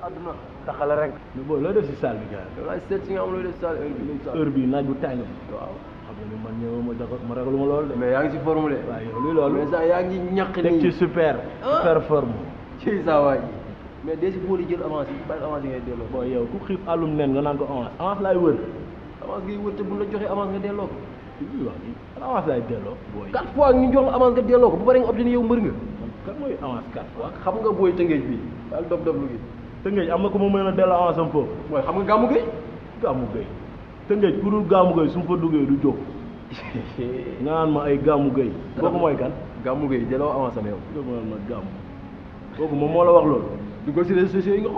sa àdduna taxala rek boobu loo si salle bi gars yi. waaye seet si nga am bii naaj bu tàng waaw xam nga ma jox loolu de mais yaa ngi si formule waaw yow luy loolu mais sax yaa ngi ñaq nii teg ci super oh. super forme ci saa waay mais dee si booli jël avance yi bàyyi avance yi ngay delloo bon ko avance avance laay wër avance ngay wër te bu la yow mbër nga kan mooy avance quatre fois xam nga booy tëngeej bi daal dob dob lu Tëngéej am na ku ma mën a dellu avance am foofu. mooy xam nga Gamou Gueye. Gamou Gueye Tëngéej ku dul Gamou Gueye su ma fa duggee du jóg. nga naan ma ay Gamou Gueye. kooku mooy kan. Gamou Gueye jëloo avance am kooku moom moo la wax loolu. duggal si réseaux sociaux yi nga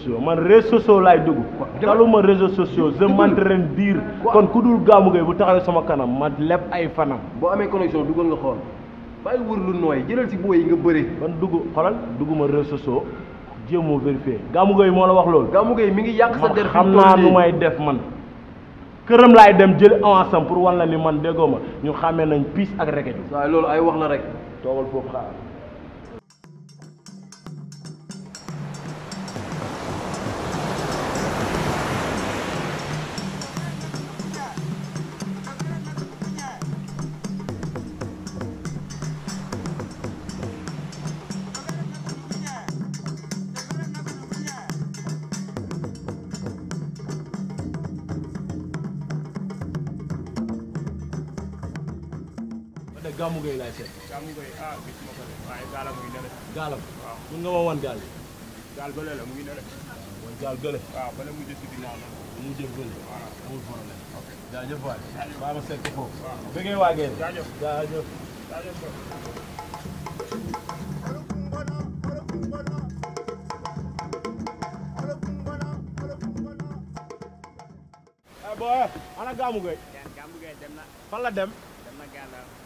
xool. man réseaux sociaux laay dugg. taluma réseaux sociaux je kon ku dul gàmmu Gueye bu taxawee sama kanam ma leb ay fanam. boo amee connexion duggal nga xool. bàyyi wër lu nooy jëlal si booy yi nga bëri. man dugg xoolal dugguma réseaux sociaux jéem moo vérifié Gamou Gueye moo la wax loolu. Gamou Gueye mi ngi yàq sa der xam naa nu may def man. këram laay dem jël avance pour wan la ni man déggoo ma ñu xàmmee nañ piis ak rekeju. waaw loolu ay wax na rek. toogal foofu xaar. Ndiaye Seck. Gamou Gueye ah gis ma ko de waaye gaalam mu ngi nële. gaalam waaw mun nga woowoon gaal bi. gaal bële la mu ngi nële. mooy gaal gële. waaw bële mu jëm si ginnaaw la. mu jëm gële. waaw amul problème. ok jaajëf waay. jaajëf maa ma seet ko foofu. waaw bëggee waa Guèye. jaajëf jaajëf. jaajëf. Eh, boo ana Gamou Gueye. Gamou Gueye dem na. fan la dem. dem na gàllankoor.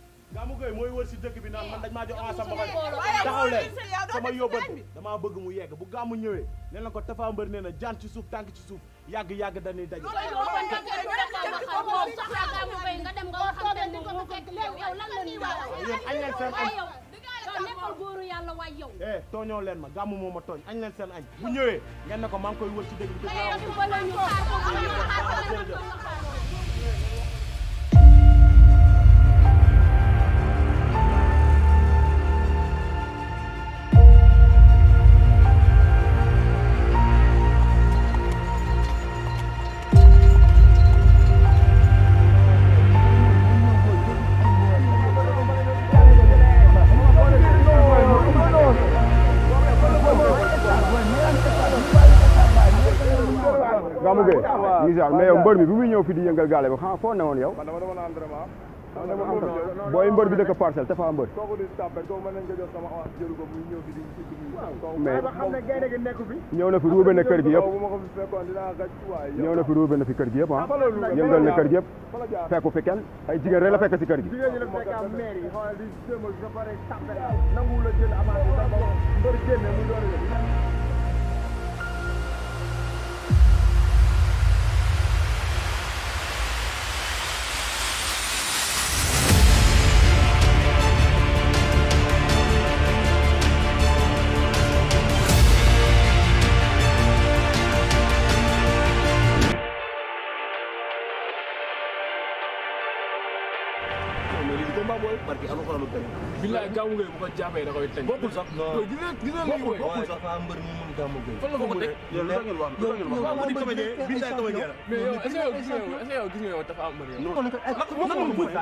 Samba Gueye mooy wër si dëkk bi naan man dañ maa jox en Samba Gueye taxaw leen sama yóbbante damaa bëgg mu yegg bu gàmmu ñëwee nee na ko Tapha Mbeur nee na jaan ci suuf tànk ci suuf yàgg yàgg dañuy daje. nga dem nga war añ leen seen añ. yow nekkal góoru yàlla waay yow. eh tooñoo leen ma gàmmu moo a tooñ añ leen seen añ bu ñëwee ngeen ko man ngi koy wër ci dëkk bi. Isaac mais yow mbër bi bi muy ñëw fi di yëngal gaale bi xam foo newoon yow booy mbër bi dëkk parcelle te fa mbër mais ñëw na fi ruube na kër gi yëpp ñëw na fi ruube na fi kër gi yëpp ah yëngal na kër gi yëpp fekku fi kenn ay jigéen rek la fekk si kër gi mais lii combat booy barki alxuraan karim billaay gàmmu ngay bu ko jàppee da koy teg bokkul sax gis nga gis nga lii bokkul sax fa mbër mu mun gàmmu ngay fan la ko ko teg yow lu ngeen wax lu ngeen wax di comédie billaay comédie la mais yow est-ce que yow est-ce que yow gis nga yow dafa am mbër yow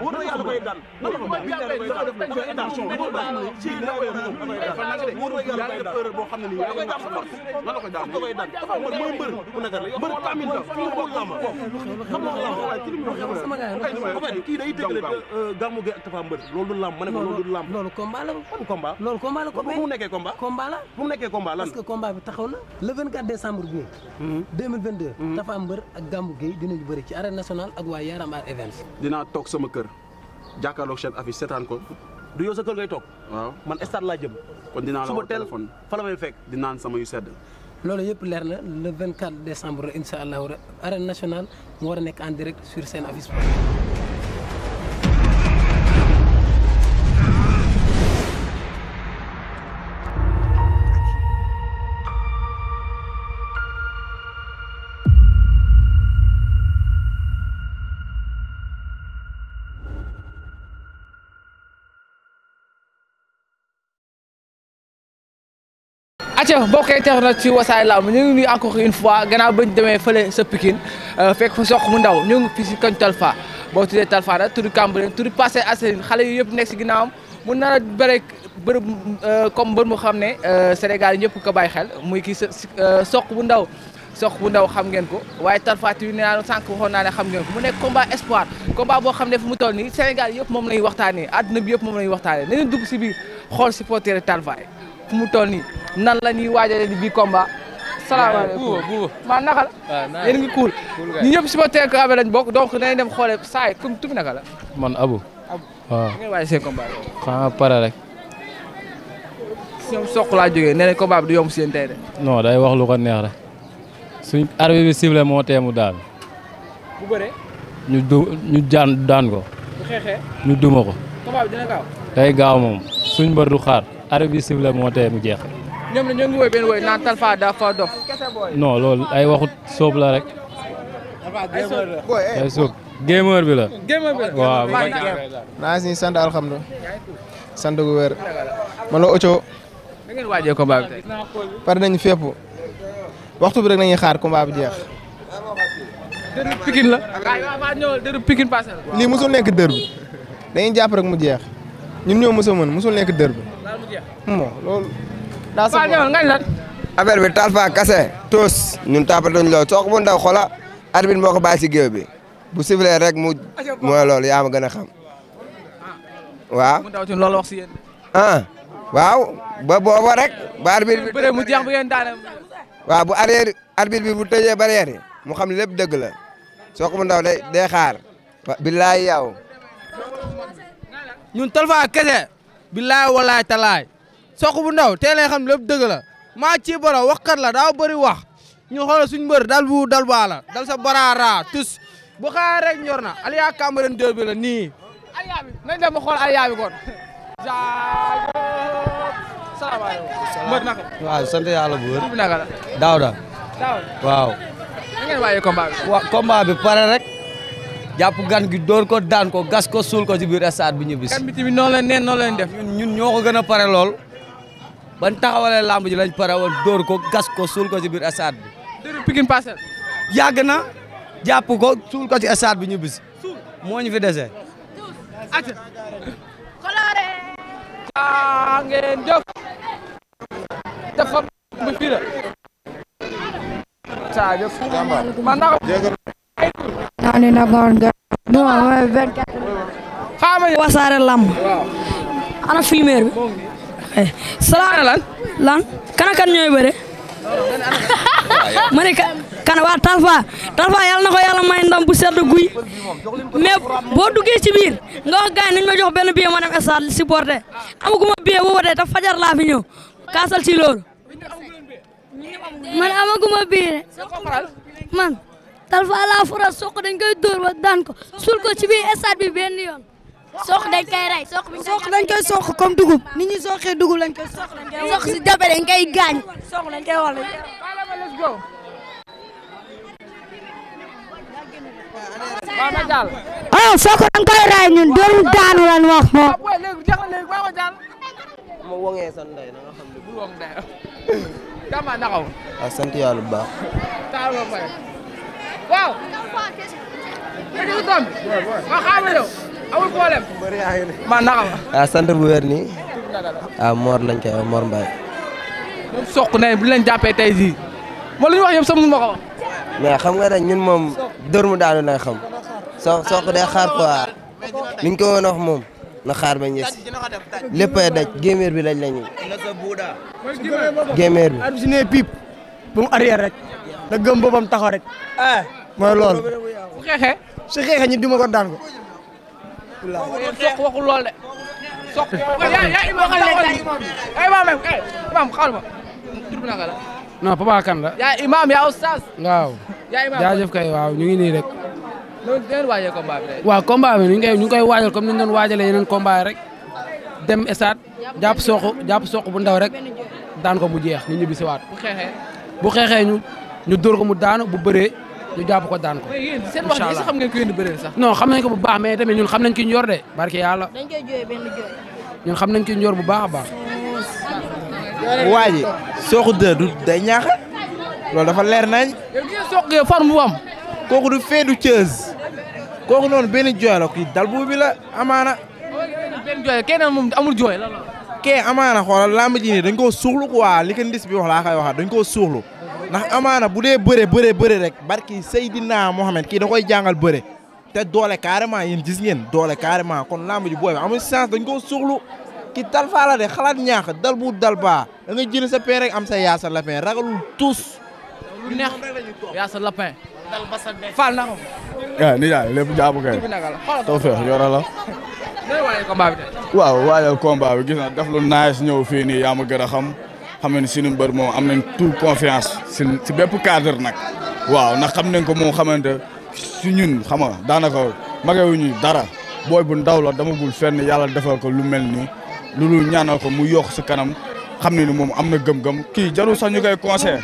wóor na yàlla koy daan nan ko jàppee dafa def teg sa attention wóor na yàlla ci da koy daan wóor na yàlla def erreur boo xam ne nii yaa ngi daan sport nan la koy daan da koy daan mooy mbër bu nekk la mbër tamit la fi mu la ma xam nga la ma kii day tëgg Ama Gueye ak Tapha Mbeur loolu du làmb ma ne ko loolu du làmb loolu combat la ban combat loolu combat la bu mu nekkee combat combat la bu mu nekkee combat lan parce que combat bi taxaw na le 24 décembre bi 2022 mhm. mhm. Tapha Mbeur ak Gamou Gueye dinañu bëri ci arène nationale ak waa Yarambar Events dinaa toog sama kër jàkkaarloog seen affiche seetaan ko du yow sa kër ngay toog waaw man stade laa jëm kon dinaa la woo téléphone fa la may fekk dinaan sama yu sedd loolu yëpp leer na le 24 décembre incha allahu arène nationale mu war a nekk en direct sur seen affiche acca mbokk internet ci Wassare Lamb ñu ngi nuyu encore une fois gannaaw bañ demee fële sa Pikine euh, fekk fa sox mu ndaw ñu ngi fi si koñ Talfa boo tuddee Talfa nag tudd Cambérène tudd Parcelles xale yu yëpp nekk si ginnaawam mu nar a bëre bërëb euh, comme bër mu xam ne euh, Sénégal yi ñëpp ko bàyyi xel muy kii sox bu ndaw bu ndaw xam ngeen ko waaye Talfa TV nee naa sànq waxoon naa ne xam ngeen ko ne fu mu toll nii yëpp moom lañuy waxtaanee àdduna bi yëpp moom lañuy waxtaanee nañu dugg si biir xool supporter Talfa yi fu mu toll nii nan la ñuy waajalee di bii combat. salaamaaleykum maa naka la yéen ngi kuul ñu ñëpp supporter Kabe lañ bokk donc dañuy dem xoolee saay kum tubi naka la. man Abou. Abou waaw ngeen waaj seen combat xanaa pare rek. si ñoom soq laa jógee nee nañ combat du yomb seen tey de. non day wax lu ko neex rek suñ arbitre bi sifflé moo teemu daal. ñu du daan ko. bu xeexee ñu duma ko. combat bi day gaaw moom suñ mbër du xaar. arab bi sifle moo tee mu jeex. ñoom ñoo ngi woy benn woy naan ay waxut soob la rek. Eh. ay soob gamer bi la. gamer bi la naa si sant alhamdulilah. sant gu wér. man la Oco. da ngeen bi tey. pare nañu fépp. waxtu bi rek nañuy xaar combat bu jeex. dër bi nekk dër bi. dañuy jàpp rek mu jeex. ñun ñoo mos a mën mosul nekk dër bi. bon loolu. daa soog a affaire bi talfa kase toos ñun taapatuñ loolu soo ko bu ndaw xoola moo ko bàyyi si géew bi bu siflee rek mu mooy loolu yaa ma gën a xam ah. waaw. mu daw ci loolu wax si yéen. ah waaw ba booba rek. ba arbitre bi bëree mu xam lépp dëgg la soo ko ndaw day day xaar. kese. billaay walaay talaay soq bu ndaw tey lay xam lépp dëgg la maa ci bara waxkat la daaw bëri wax ñu xoolal bu dal baa la tus bu xaar rek ñor na Aliya Cambérène 2 la nii. Aliya bi nañ ma xool kon. salaamaaleykum. mbër naka. waaw sant yàlla la. Daawda. Daawda waaw. na ngeen waayee combat jàpp gan gi dóor ko daan ko gas ko suul ko ci biir stade bi ñibbisi. kan bi tamit noonu la neen noonu def. ñun ñoo ko gën a pare lool ban taxawalee lamb ji lañ pare woon dóor ko gas ko suul ko ci biir stade bi. dëgg Pikine Parcelles. jàpp ko suul ko ci stade bi ñibbisi. moo ñu fi dese. ani na ngoon ga wasaare lamb ana filmeer bi eh. salaam lan kana kan ñooy bëre ma ne kan waa Talfa Talfa na ko yàlla may ndam bu sedd guy mais boo duggee ci biir nga wax gars yi nañu benn billet ma dem stade supporté amaguma billet boobu tey te fajar laa fi kaasal ci man amaguma billet man. talfa la fura soq dañ koy ba daan ko suul ko bi benn yoon. soq dañ koy rey soq bi dañ koy soq comme dugub nit ñi soqee dugub lañ koy soq dañ koy soq si dabe dañ waaw. ma. waaw ah, sant bu wér nii. waaw ah, Mor lañ koy wax Mor Mbaye. ñoom soq ne bu leen jàppee tey jii moom lu ñu wax ma ko wax. mais xam nga rek moom dër mu daanu lay xam. soq soq day xaar quoi. ko woon wax moom. na xaar ba ñes lépp ay daj bi lañ la ñu. bi. bu mu arrière rek. da taxaw rek. Eh. mooy loolu. bu xeexee. su xeexee ñu duma ko daan ko. wallaahi soq lool de. soq yaa yaa imaam eh, imaam eh, eh, la. non papa kan yaa imaam waaw. yaa imaam kay waaw ñu ngi nii rek. loolu ngeen waajal combat bi rek. waaw combat bi ñu ngi koy ñu waajal comme ni ñu doon waajalee yeneen combat rek. dem stade jàpp soq jàpp soq bu ndaw rek daan ko mu jeex ñu ñibbi si waat. bu xeexee. bu xeexee ñu ñu dóor ko mu daanu bu bëree. ñu jàpp ko daan ko. seen wax ji xam ngeen sax. non xam nañ ko bu baax mais tamit ñun xam nañ ki ñu yor de barke yàlla. dañ ñun xam nañ ke ñu bu baax a baax. waa ji Sokh dë du day ñaax loolu dafa leer nañ. yow li ngeen soqee am. kooku du fee du Thiès kooku noonu benn jooy la kii dal bu bi la amaana. benn jooy keneen moom amul jooy la. kee amaana xoolal làmb ji nii dañ koo suuxlu quoi li ko ndis bi wax laa koy waxaat dañ koo suuxlu. ndax amaana bu dee bëre bëre bëre rek barki Seydina Mohamed kii da koy jàngal bëre te doole carrément yéen gis ngeen doole carrément kon lamb ji booy bi amul chance dañ koo suxlu ki talfaa la xalaat ñaax dal bu dal baa da nga sa pain am sa yaasa lapin ragalul tous. lu neex yaasa lapin. dal ba sa dee Fall naka. waaw eh, ni daal lépp jaamu la. waaw waajal combat bi gis na daf lu nice ñëw fii nii yaa a xam. xam ne suñu mbër moom am nañ tout confiance si si bépp cadre nag waaw nax xam nañ ko moom xamante su ñun xam nga daanaka magewuñu dara booy bu ndaw la dama gul fenn yàlla defal ko lu mel ni nii lu ñaanal ko mu yokk si kanam xam ne ni moom am na gëm kii jarul sax ñu koy conseillé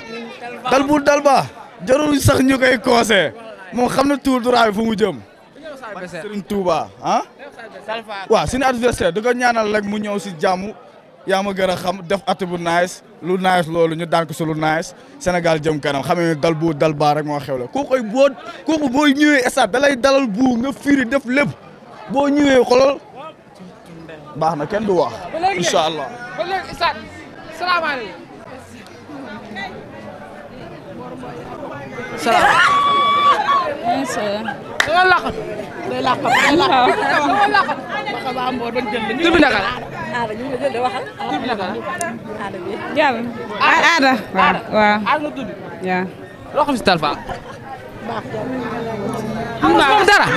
dal bu dal ba jarul sax ñu koy conseillé moom xam na tuur duraay fu mu jëm Sëriñ Tuuba ah waaw suñu adversaire di ko ñaanal rek mu ñëw si jàmm yaa ma gën a xam def ati bu nice lu nice loolu ñu daan ko su lu nice senegal jëm kanam xam dal bu dal baa rek moo xewle ku koy boo kooku boo ñëwee stade da lay dalal bu nga firi def lépp boo ñëwee xolol baax na kenn du wax. incha allah da nga laqatu day laqatu day laqatu. waaw laqatu. wax ba am boor bañ jël la. tur bi naka la. aada ñu ngi jël de waxal. tur bi naka la. aada bi jàll. aada aada waaw waaw. aada nga tudd. waaw. loo xam si Tal Fall. am na moom dara.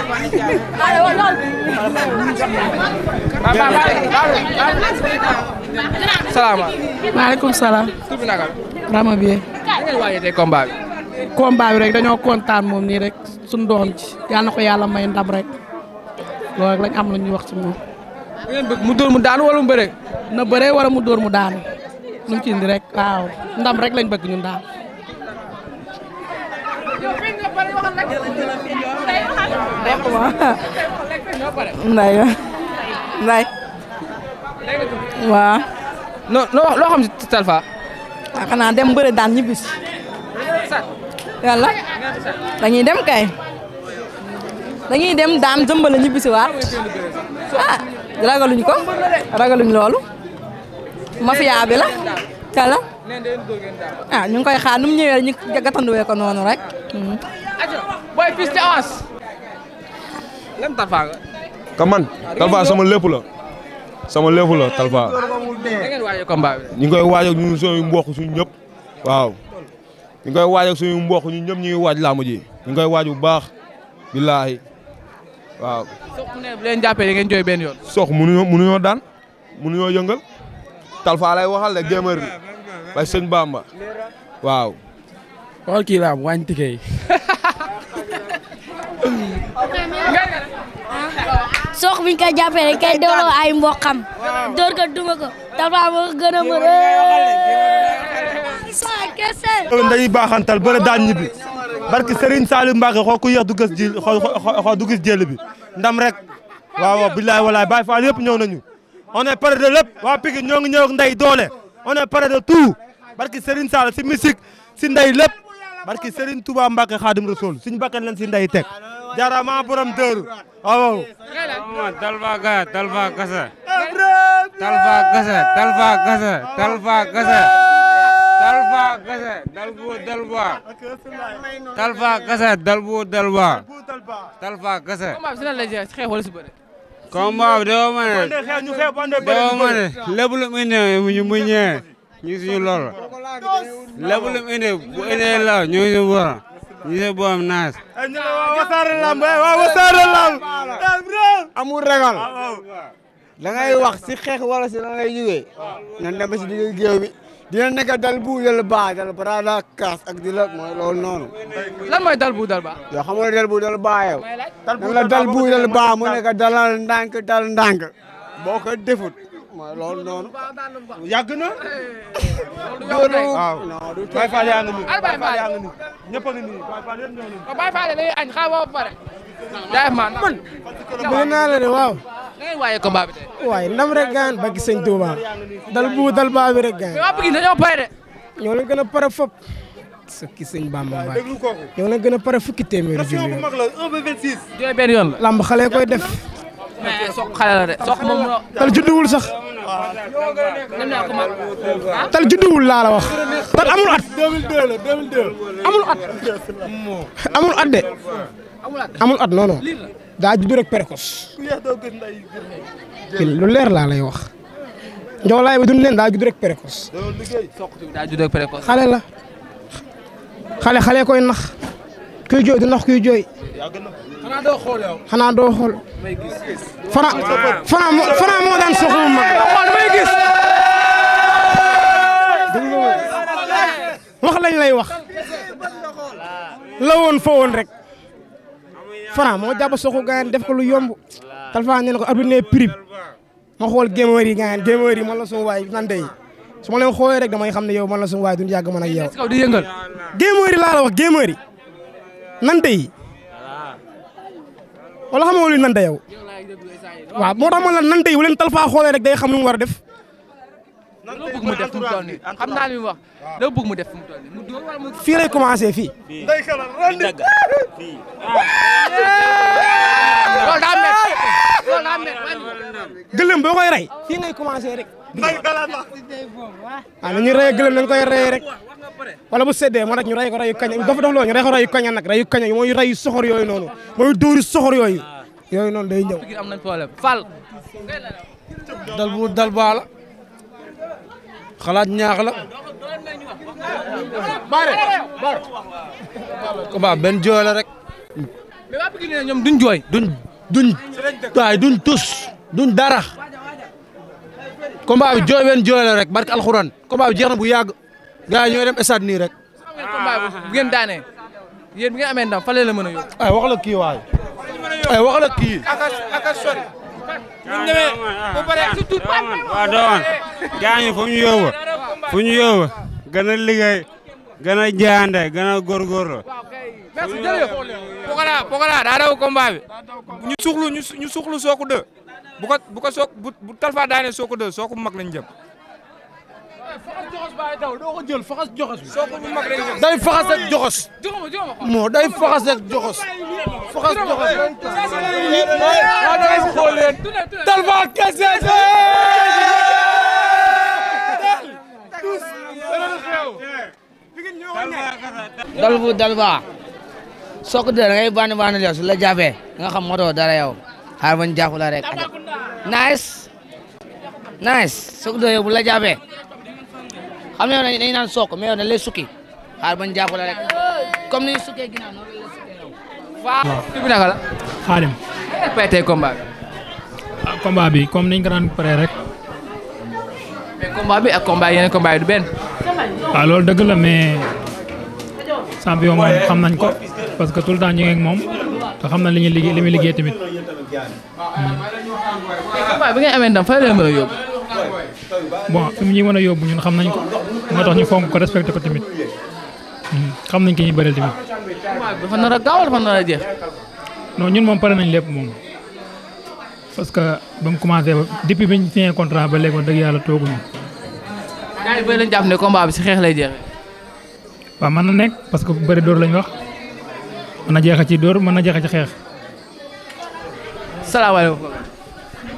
salaamaaleykum. maaleykum salaam. tur bi naka la. Rama Bié. da ngeen waajee tey combat bi. combat bi rek dañoo kontaan moom nii rek suñ doom ci yal na ko yàlla may ndam rek loolu rek lañ am lu ñuy wax ci moom. mu dóor mu daanu wala mu bëre. na bëre wala mu dóor mu daanu lu ci indi rek waaw ndam rek lañ bëgg ñun daal. nday nday waaw. no no loo xam si Talfa. ah xanaa dem bëre daan ñibbisi. yàlla dañuy dem kay dañuy dem daan jëmbale ñibbi si waat ah ragaluñ ko ragaluñ loolu mafia bi la kala ah ñu ngi koy xaar nu mu ko noonu rek. Hmm. booy piste ci avance. lan Talfa nga. ka man sama lépp sama lépp la Talfa. ñu ngi koy waajal ñun suñu mbokk suñu waaw. ñu koy waaj ak suñu mbokk ñun ñëpp ñu ngi waaj làmb ji ñu koy waaj bu baax billaahi waaw. sox mu yoon. sox mënuñoo mënuñoo daan mënuñoo yëngal talfa lay waxal de gémër bi bay sëñ Bamba waaw. xool kii la am wàññi tike yi. kay dewloo ay mboqam. door ko ko talfa moo ko gën a dañuy baaxantal bëre daan ñibbi barki Serigne Saliou Mbacké xoo ku yéex du gis ji xoo du gis jël bi ndam rek waaw billaay walaay Baye Fall yëpp ñëw nañu on est prêt de lépp waa Pikine ñoo ngi ñëw ak ndey doole on est prêt de tout barki Serigne Sall si musique si ndey lépp barki Serigne Touba Mbacké Khadim Rasoul suñu bakkan lañ si ndey teg jarama borom dëru waaw talfa gaya talfa gasa talfa gasa talfa gasa talfa gasa Talfa kese dalbu dalba Talfa kese dalbu dalba Talfa kese combat bi si lan lay jeex xeex wala si bëre combat bi doo ma ne doo ma ne lépp lu mu indi mu ñu suñu lool lépp lu mu indi bu indee la ñu suñu borom ñu suñu borom naas eh, waaw eh, ragal ah, ah. da wax si xeex wala si la ngay nan dem si digg géew dina nekk dal bu dal baa dal bara daa kaas ak di la mooy loolu noonu. lan mooy dal bu dal baa. yoo xam nga dal bu dal baa yow. la dal bu dal baa mu nekk dalal ndànk dal ndànk boo ko defut mooy loolu noonu. yàgg na. loolu waaw. Baye Fall yaa ngi nii Baye Fall yaa ngi nii ñëpp a ngi nii Baye Fall yëpp ñoo ngi nii. Baye Fall dañuy añ xaaral ba pare. jaay maa man. bëgg naa la de waaw. ngay waaye combat bi waaye ndam rek gaan bàgg sëñ Touba dal bu dal baa bi rek gaan. mais waa Pikine dañoo pare de. ñoo leen gën a pare fop. sukki sëñ Bamba Mbaye ñoo leen gën a pare fukki téeméeri junni bu mag la 1 ba yoon la. lamb xale koy def. mais soq xale la de soq moom. sax. tal judduwul laa la wax tal amul at. 2002 la 2002. amul at amul daa juddu rek précoce. lu leer laa lay wax. Ndiolaye bi duñ leen daa judd rek précoce. daa judd rek précoce. la xale xale koy nax kuy jooy du nax kuy jooy. xanaa doo xool Franc Franc moo daan soxla mu wax lañ lay wax la woon fa woon rek Franc moo jàpp soxu gaañ def ko lu yomb Talfa ne na ko arbitre ma xool gémewër yi gaañ gémewër yi man la suma waay nan dey su ma leen xoolee rek damay xam ne yow man la suma waay duñ yàgg man ak laa la wax gémewër yi nan dey wala xam nga lu nante yow waaw moo tax ma la nante yi bu leen Talfa xoolee rek day xam lu mu war a def. lan bëgg mu def fi mu toll nii xam naa li mu wax lan bëgg mu def fi mu toll nii mu dóor wala mu. fii lay commencé fii. day xelal ren de. loolu daa métti loolu daa métti gëlëm boo koy rey fii ngay commencé rek. waaw ah, na ñu rey gëlëm nañ koy rey rek wala bu seddee moo tax ñu rey ko reyu kañ dafa dox loo ñu rey ko reyu kaña nag reyu kaña mooy reyu soxor yooyu noonu mooy dóori soxor yooyu yooyu noonu day ñëw am nañ problème Fall dal bu dal baa la xalaat ñaax la bare bare combat benn jooy la rek mais waa Pikine ñoom duñ jooy duñ duñ waay duñ tus duñ dara combat bi jooy ween jooy la rek barke alxuraan combat bi jeex na bu yàgg gars yi ñooy dem stade nii rek. combat bi bu ngeen daanee yéen bi ngeen amee ndam fële la mën a yóbbu. ay wax la kii waay. ay wax la kii. ak sori. bu ñu demee bu paree surtout. waaw doon gars fu ñu yóbbu fu ñu yóbbu gën a liggéey gën a jaande gën a góorgóorlu. merci jërëjëf. Pokola Pokola daa daw combat bi. ñu suxlu ñu suxlu Sokh 2 bu ko bu ko soog daane soo ko dël soo ko mag lañ jëm. faxas joxos joxos bi. day faxas joxos. moo day faxas joxos. faxas day tax. waaw da ngay xoolee Talfa soo ko dël ngay bànn bànn la su la jàppee nga xam moo dara yow xaar bañ jàpp la rek. nice nice soog doo yow bu la jàppee xam nga dañuy naan sook mais yow dañu lay sukki xaar bañ jàpp la rek comme ni ñu sukkee ginnaaw noonu la sukkee yow. waaw tur bi la. comme niñ ko daan paree rek. mais bi ak combat yeneen ah, loolu dëgg la mais champion moom xam nañ ko parce que tout le temps ñu ngi ak moom te xam nañ li ñuy liggéey li muy liggéey tamit. combat bi nga amee ndam fa la mën a yóbbu. bon fi mu ñuy mën yóbbu ñun xam nañ ko moo tax ñu fonk ko respecté ko tamit hmm, xam nañ ki ñuy bëreel tamit. combat bi dafa nar a gaaw dafa nar a jeex. non ñun moom pare nañ lépp moom parce que ba mu commencé ba depuis bi ñu signé contrat ba léegi wax dëgg yàlla toogu gars yi bëri ne combat si xeex lay jeexee. waaw mën na nekk parce que bu bëri dóor lañ wax man na jeexa ci dóor mën na jeexa ci xeex. salaamaaleykum.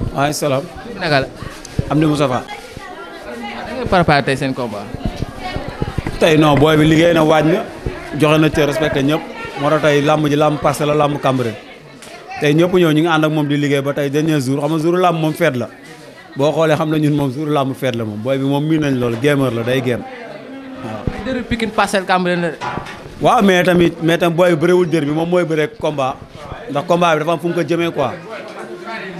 maaleykum salaam. naka la. Amdi Moustapha. da seen combat. tey non booy bi liggéey na waañ na joxe na cër respecté ñëpp moo tax tey làmb ji làmb Parcelles la làmb Cambérène tey ñëpp ñëw ñu ngi ànd ak moom di liggéey ba tey dernier jour xam nga jour làmb moom feet la boo xoolee xam ne ñun moom jour làmb feet la moom booy bi moom miin nañ loolu gamer la day game waaw. dërër Pikine mais tamit mais tamit booy bi bëriwul dër bi moom mooy bëre komba ndax combat bi dafa am fu mu ko jëmee quoi.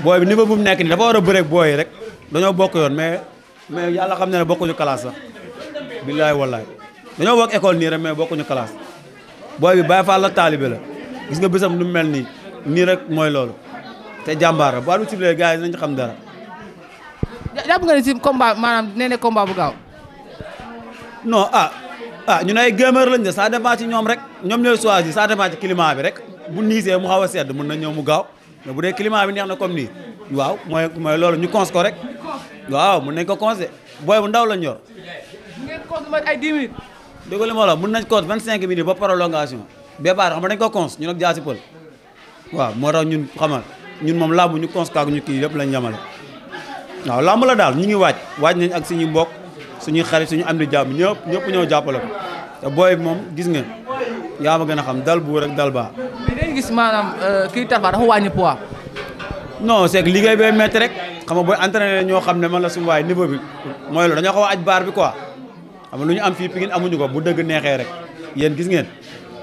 booy bi niveau bu mu nekk nii dafa war a bëreeg booy rek dañoo bokk yoon mais mais yàlla xam na ne bokkuñu classe sax billaay wallaay dañoo bokk école nii rek mais bokkuñu classe booy bi Baay Faal la taalibe la gis nga bésam nu mu mel nii nii rek mooy loolu te jàmbaar la bu àll bi siflee gars yi nañu xam dara. jàpp nga ni si combat maanaam nee ne combat bu gaaw. non ah ah ñu ay gamer lañ ne ça dépend ci ñoom rek ñoom ñooy choisir ça dépend ci climat bi rek bu niisee mu xaw a sedd mën na ñëw mu gaaw. mais bu dee climat bi neex na comme nii waaw mooy mooy loolu ñu kons ko rek waaw mën nañ ko consé booy bu ndaw lañ ñor. ngeen cons la ma la mën nañ cons 25 minutes ba prolongation bépaar xam nga ko cons ñu nag jaasi pël waaw moo tax ñun xamal ñun moom làmb ñu cons kaag ñu kii yëpp lañ yemale waaw làmb la daal ñu ngi waaj waaj nañ ak suñu mbokk suñuy xarit suñu am di jàmm ñëpp ñëpp ñoo jàppale ko te booy moom gis nga yaa ma gën a xam dal bu baa gis maanaam euh, kii Tapha dafa wàññi poids. non c'est liggéey bee métti rek xam nga booy entraîné ñoo xam ne ma la suñu waay niveau bi mooy loolu dañoo xaw a aj baar bi quoi xam nga lu ñu am fii Pikine amuñu ko bu dëgg neexee rek yéen gis ngeen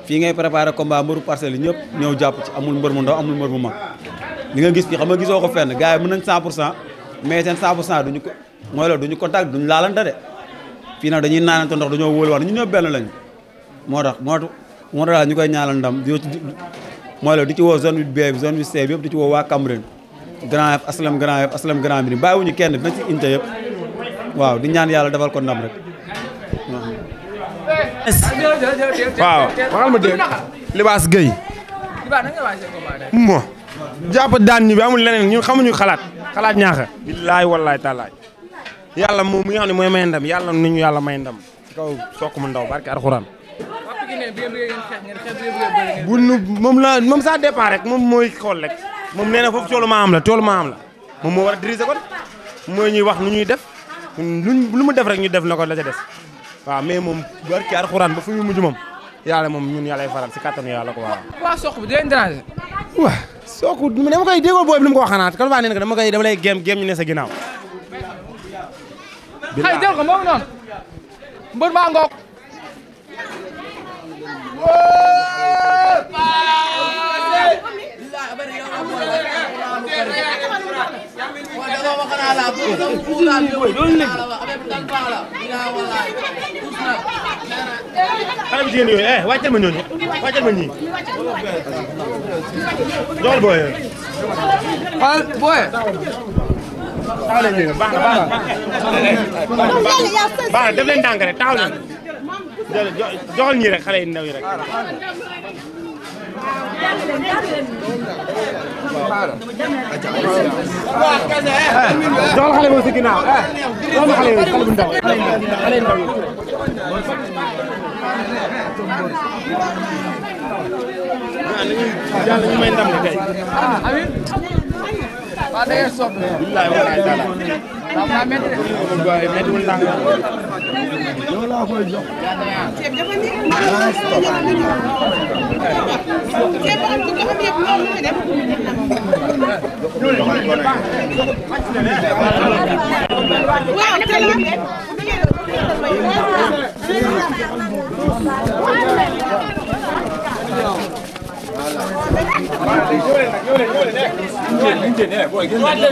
fii ngay préparé combat mbëru parcelles yi ñëpp ñëw jàpp ci amul mbër mu ndaw amul mbër mu mag li nga gis fii xam a gisoo ko fenn gars yi mën nañ 100 pour cent mais seen 100 pour cent duñu ko mooy loolu duñu contact duñu laalante de fii nag dañuy naanante ndox dañoo wóolu wax ñu ñëpp benn lañu moo tax moo tax moo tax ñu koy ñaanal ndam mooy loolu di ci woo zone 8B bi zone 8 yëpp di ci woo waa Cameroun Grand Yoff Aslam Grand Yoff Aslam Grand Médine bàyyiwuñu kenn dina ci inte yëpp waaw di ñaan yàlla defal ko ndam rek waaw waxal Libaas Gueye mo jàpp daan ñu bi leneen ñun xamuñu xalaat xalaat ñaaxa billaahi wallaahi taalaay yàlla moom mi nga ne mooy may ndam yàlla nañu yàlla may ndam sokk mu ndaw barke alxuraan bu nu moom la moom ça dépend rek moom mooy xool rek moom nee na foofu coolu maa am la coolu maa am la moom moo war a diriger mooy ñuy wax nu ñuy def luñ lu mu def rek ñu def na ko la ca def waaw mais moom barki alxuraan ba fu ñu mujj moom yàlla moom ñun yàlla faral si kattanu la ko waa waaw soq bi dinañ déranger. waaw soq bi dama koy déggoo boobu ni ko waxanaat kan waa ne dama koy dama lay gém gém ñu ne sa ginnaaw. xëy ko moom noonu mbër maa ngoog xale bu jigéen yooyu eh wàccal ma ñooñu wàccal ma ñii dool booy xal booy taxaw leen baax na baax na baax na def leen ndànk rek taxaw leen joxal ñi rek xale yi ndaw yi rek. joxal xale boobu si ginnaaw joxal xale yooyu xale bu ndaw xale yi ndaw yi. yàlla ñu may ndam la kay. Ah, Voilà.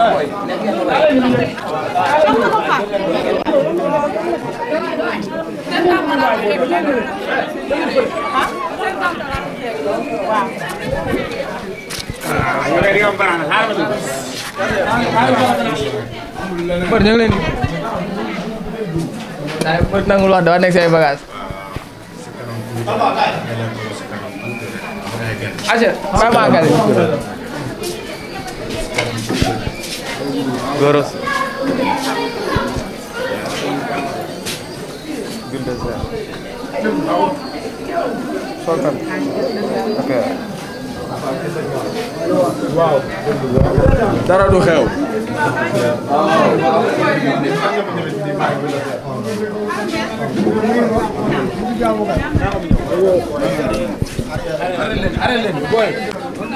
mbër ñu ngi leen nangul wax dafa nekk say bagage aja baa maa Boros. Gündüzler. Sultan. Okay. waaw. dara du xew. waaw.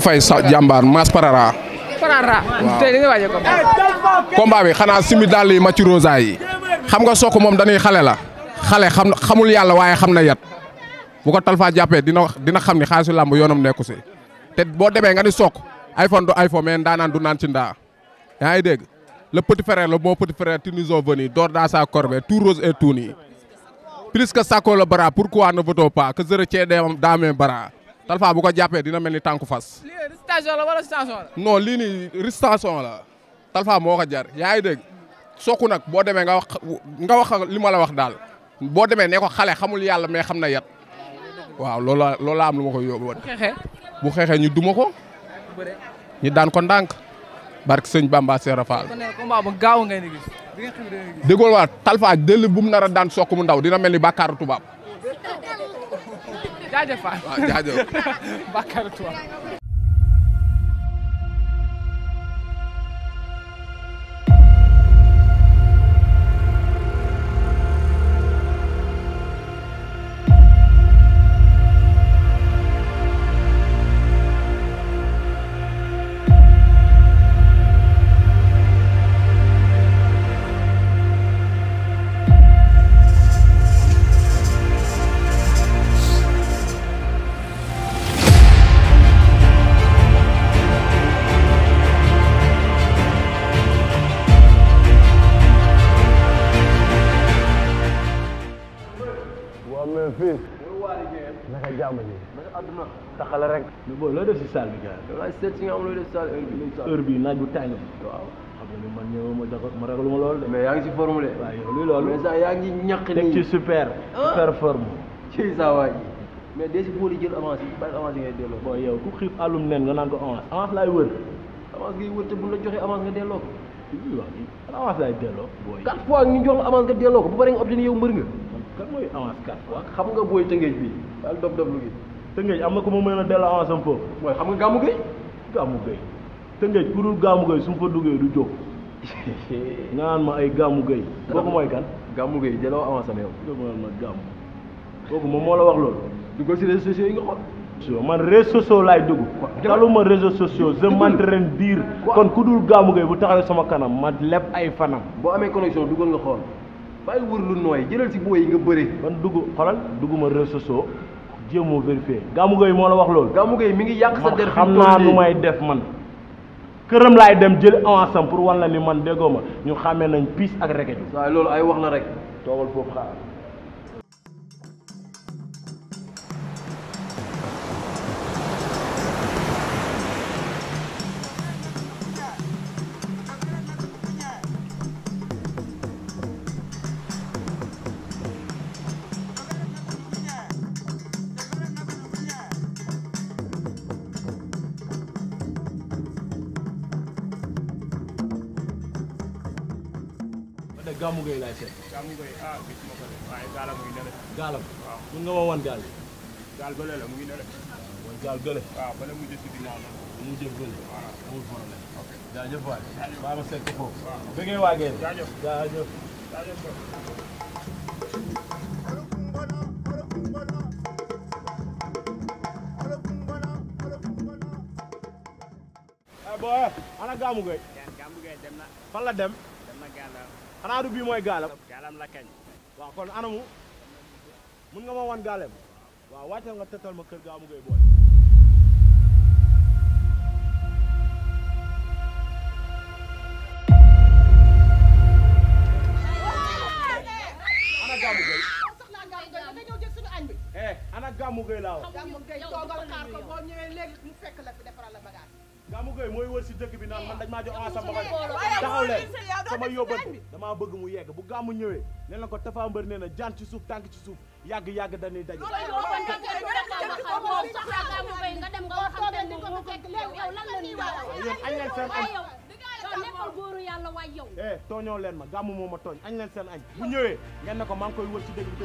koy fay sa jàmbaar Mass Parara. Parara tey nga waaj ko. combat bi xanaa simi dàll yi Mathieu Rosa yi xam nga Sokh moom dañuy xale la xale xam xamul yàlla waaye xam na yat bu ko Talfa jàppee dina dina xam ni xaalisu làmb yoonam nekku si te boo demee nga ni Sokh iPhone du iPhone mais ndaanaan du naan ci ndaa yaa ngi dégg le petit frère le bon petit frère tuniso venu dor dans sa corbeille tout rose et tout ni plus que sako le bras pourquoi ne veut-on pas que je retiens dans mes talfa bu ko jàppee dina mel ni tànku fas. lii résistance la wala station la. la talfa moo ko jar yaa ngi dégg sokku nag boo demee nga wax nga wax li ma la wax daal boo demee ne ko xale xamul yàlla mais xam na yat waaw loolaa loolaa am lu ma koy yóbbu. bu xeexee ñu duma ko. ñu daan ko ndànk. barke sëñ Bamba Seera Fall. déggoon waa talfa déllu bu mu nar a daan sokku mu ndaw dina mel ni bàkkaaru tubaab. Ah, jaajëf Fall. waaw jaajëf. Bakar Touba. salle bi gars yi. waaw seet si nga xam ne salle heure bii naaj bu tàng bi waaw. xam nga man ma de. mais yaa ngi si formulé. waaw yow luy loolu. mais sax yaa ngi ñaq nii teg ci super. Oh. super forme. ci ko avance avance laay wër. avance ngay wër te bu la nga delloo ko. lii yow mbër nga. kan mooy avance quatre fois. xam nga booy tëngeej bi Tëngéej am na ku ma mën a dellu avance am foofu. mooy xam nga Gàmmu Gëy. Gàmmu Gëy Tëngéej ku dul Gàmmu Gëy su ma fa duggee du jóg. nga naan ma ay Gàmmu Gëy. kooku mooy kan. Gàmmu Gëy delloo avance am yow. kooku moom moo la wax loolu. duggal si réseaux sociaux yi nga xool. man réseaux sociaux laay dugg. taluma réseaux sociaux je m'entraîne dire. kon ku dul Gàmmu Gëy bu taxawee sama kanam ma leb ay fanam. boo amee connexion duggal nga xool. bàyyi wër lu nooy jëlal si booy yi nga bëri. man dugg xoolal dugguma réseaux sociaux jéem a vérifier Gamou Gueye moo la wax loolu. Gamou Gueye mi ngi yàq sa der xam naa nu may def man. këram laay dem jël avance pour wan la ni man déggoo ma ñu xàmmee nañ piis ak rekeju. waaw loolu ay wax na rek. toogal foofu xaar. xam nga koy ah gis ma ko de waaye gaalam mu ngi ne la. gaalam waaw mun nga woo wan gaal yi. gaal bële la mu ngi ne la. mooy gaal bële. waaw bële mu jëm si ginnaaw la. mu jëm bële. voilà amul problème. ok jaajëf waay. jaajëf maa ma seet ko foofu. waaw bëggee waa Guèye. jaajëf jaajëf. jaajëf. Eh, booy ana Gamou Gueye. Gamou Gueye dem na. fan la dem. dem na gàllankoor. xanaa du bii mooy gaalam. gaalam la kañ. waaw kon anamu mun nga ma wan gaalem waaw wàcce nga tëtal ma kër gaamu ngay boole. ana ana gaamu eh, gay laa Gamou Gueye mooy wër si dëkk bi naan man dañ maa jox ensemble ba pare taxaw leen sama yóbbante damaa bëgg mu yegg bu Gamou ñëwee nee na ko Tapha Mbeur nee na jaan ci suuf tànk ci suuf yàgg yàgg dañuy daje. yéen añ leen seen añ. eh tooñoo leen ma Gamou moo a tooñ añ leen seen añ bu ñëwee ngeen ko man koy wër si dëkk bi.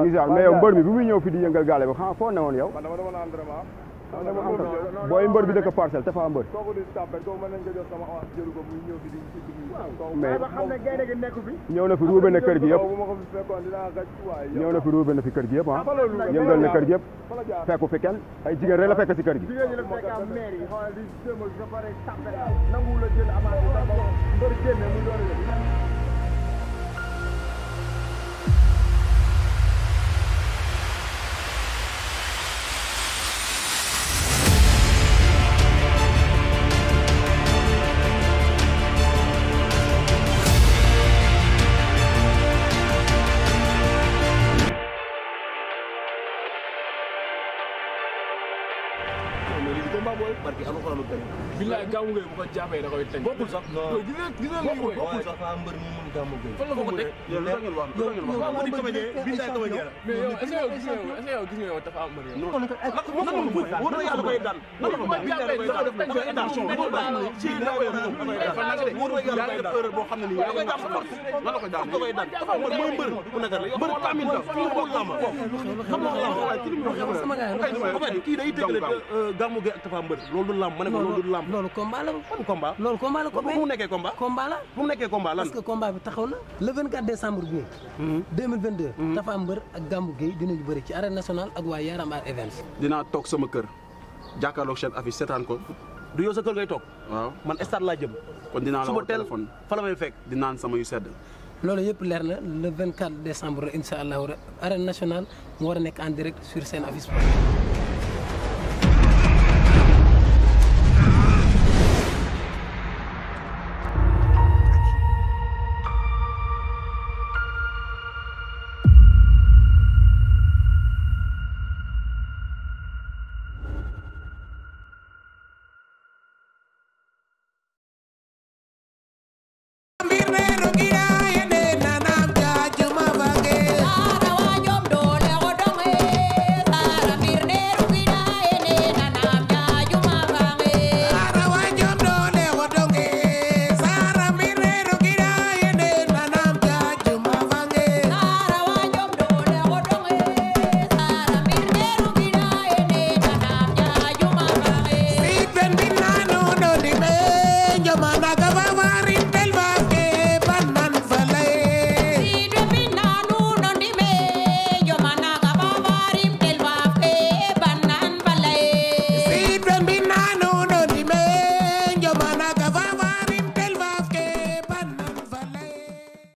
Misaan mais yow mbër mi bi muy ñëw fi di yëngal gaale bi xam foo newoon yow booy mbër bi dëkk parcelle te fa mbër mais na fi ruube na kër gi yëpp ñëw na fi ruube na fi kër gi yëpp ah yëngal na kër gi yëpp fekku fi kenn ay jigéen rek la fekk si kër gàmmu gay bu ko jàppee da koy teg bokkul sax gis nga gis nga lii bokkul sax am mbër mu mun gàmmu gay fan la ko ko teg yow la ngeen wax yow di comédien bi tay comédien la mais yow est-ce que yow est-ce que yow gis nga yow dafa am mbër yow non ko na yàlla koy daan non ko jàppee da def teg attention ko daan ci da koy daan fa nak de wóor na yàlla koy daan erreur boo xam ne nii yaa koy daan lan la koy daan koy daan mooy mbër bu nekk la mbër tamit la fi ko lama xam nga lama waaye ci li mu wax sama gaay kii day tëggale gàmmu gay ak tafa mbër loolu du lam ma ne ko loolu du lam combat la. ban combat loolu combat la. combat bu mu nekkee combat. combat la bu mu nekkee combat lan. parce que combat bi taxaw na. le 24 décembre bii. Mhm. 2022. Mhm. Tapha Mbeur ak Gamou Gueye dinañu bëri ci arène national ak waa Yaram Art Events. dinaa toog sama kër jàkkaarloog seen affiche seetaan ko. du yow sa kër ngay toog. waaw man stade laa jëm. kon dinaa la woo téléphone suba teel fekk di naan sama yu sedd. loolu yëpp leer na le 24 décembre incha allah arène nationale mu war a nekk en direct sur seen affiche.